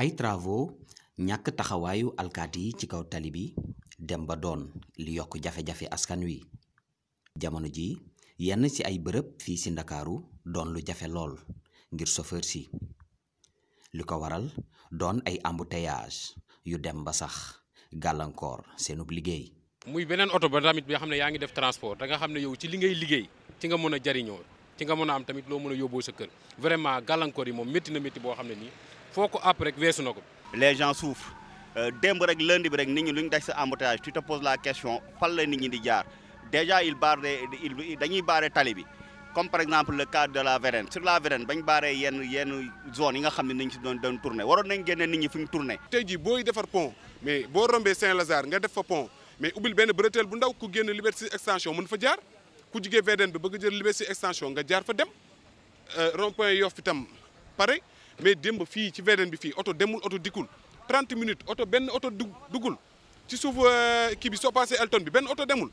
ay travaux ñàkk taxawaayu alkaati ci kaw tali bi dem ba doon li yokk jafe-jafe askan wi jamono ji yenn ci ay bërëb fii ci ndakaaru doon lu jafe lool ngir chauffeur si li ko waral doon ay embouteillage yu dem ba sax gàllankoor seenub liggéey muy beneen oto ba tamit bi nga xam ne yaa ngi def transport da nga xam ne yow ci li ngay liggéey ci nga mën a jariñoo ci nga mën a am tamit loo mën a yóbboo sa kër vraiment gàllankoor yi moom métti na métti boo xam ne foo ko àpp rek weesu na ko. les gens souffrent euh, démb rek lundi bi rek nit ñi lu ñu daj sa embouteillage tu te la question fan la nit ñi di jaar déjà il barre il dañuy barre tali bi comme par exemple le cas de la Vérène sur la Vérène bañ barré yenn yenn zone yi nga xam ne nañ si doon doon tourné waroon nañ génne nit ñi fi ñu tourné. tey jii booy defar pont mais boo rombee Saint-Lazare nga def fa pont mais ubbil benn bretelle bu ndaw ku génn Liberté extension mën fa jaar ku jugee VDN bi bëgg jël Liberté extension nga jaar fa dem euh, rond-point Yoff itam pare. mais démb fii ci VDN bi fii oto demul oto dikkul 30 minutes oto benn oto duggul ci suuf euh, kii bi soo passé Elton bi benn oto demul.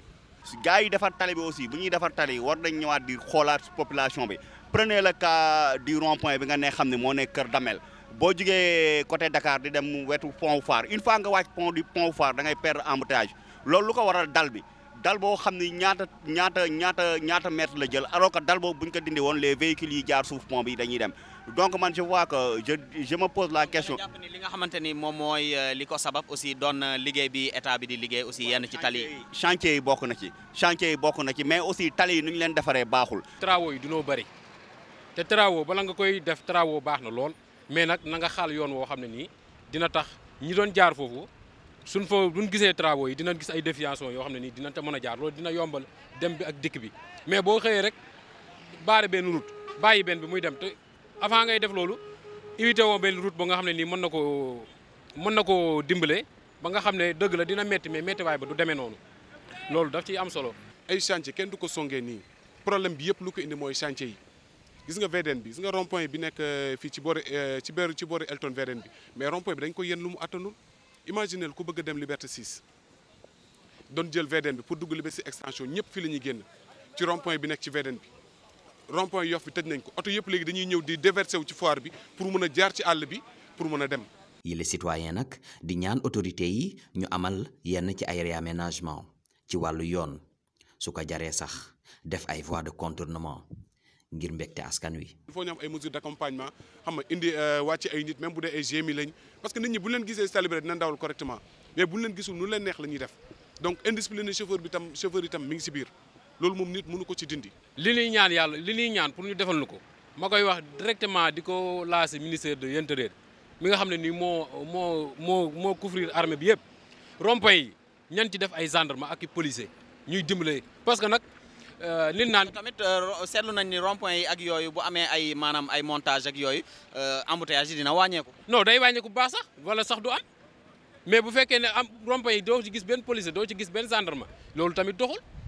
gars yi defar tali bi aussi bu ñuy defar tali war nañ ñëwaat di xoolaat population bi prenez la cas du rond point bi nga ne xam ne moo ne Kër Damel boo jugee côté dakaar di dem wetu pont Foire une fois nga wàcc pont du pont Foire da ngay perdre loolu lu ko waral dal bi. dal boo xam ni ñaata ñaata ñaata ñaata mètre la jël alors que dal boobu bu ñu ko dindi woon les véhicules yi jaar suuf pont bi dañuy dem donc man je vois que je je me pose la question. jàpp ni li nga xamante ni moom mooy euh, li ko sabab aussi doon euh, liggéey bi état bi di liggéey aussi yenn ci tali yi. chantier yi bokk na ci chantier yi bokk na ci mais aussi tali yi nu ñu leen defaree baaxul. travaux yi dunoo bëri te travaux bala nga koy def travaux baax na lool mais nag na nga xaal yoon woo xam ne nii dina tax ñi doon jaar foofu. suñ fa duñ gisee travaux yi dina gis ay déviation yoo xam ne nii dina te mën a jaar loolu dina yombal dem bi ak dikk bi mais boo xëyee rek baare benn route bàyyi benn bi muy dem te avant ngay def loolu éviter woo benn route ba nga xam ne nii mën na ko mën na koo dimbale ba nga xam ne dëgg la dina métti mais méttiwaay ba du demee noonu loolu daf ciy am solo. ay chantier kenn du ko songee nii problème bi yëpp lu ko indi mooy chantier yi gis nga VDN bi gis nga rond bi nekk euh, fii ci boori euh, ci boori ci boori Elton VDN bi mais rond bi dañ ko yéen lu mu attanul. imaginel ku bëgg dem Liberté 6 doon jël VDN bi pour dugg Liberté 6 extension ñëpp fii la ñuy génn ci rond bi nekk ci VDN bi rond point bi tëj nañ ko oto yëpp léegi dañuy ñëw di déverser wu ci foire bi pour mën a jaar ci àll bi pour mën a dem. yile citoyen nag di ñaan autorité yi ñu amal yenn ci ay réaménagement ci wàllu yoon su ko jaree sax def ay voies de contournement. ngir mbégte askan wi. foo faut ñu am ay mesures d'accompagnement xam ma indi euh, wàcc ay nit même bu dee ay GMI lañ parce que nit ñi bu leen gisee célébré dinañ dawal correctement mais bu leen gisul nu leen neex la ñuy def donc indiscipliné chauffeur bi tam chauffeur yi tam ngi si biir loolu moom nit mënu ko ci dindi. li ñuy ñaan yàlla li ñuy ñaan pour ñu defal nu ko moo koy wax directement di ko laasi ministère de l'intérieur mi nga xam ne nii moo moo moo moo couvrir armée bi yëpp rond-point yi ñan ci def ay ak i policier ñuy dimbale parce que nag. Euh, lin naan tamit euh, seetlu nañ ni rond yi ak yooyu bu amee ay maanaam ay montage ak yooyu euh, embouteillage yi dina wàññeeku non day wàññeeku baa sax wala sax du am mais bu fekkee ne am rond yi doo ci gis benn policier doo ci gis benn gendarme loolu tamit doxul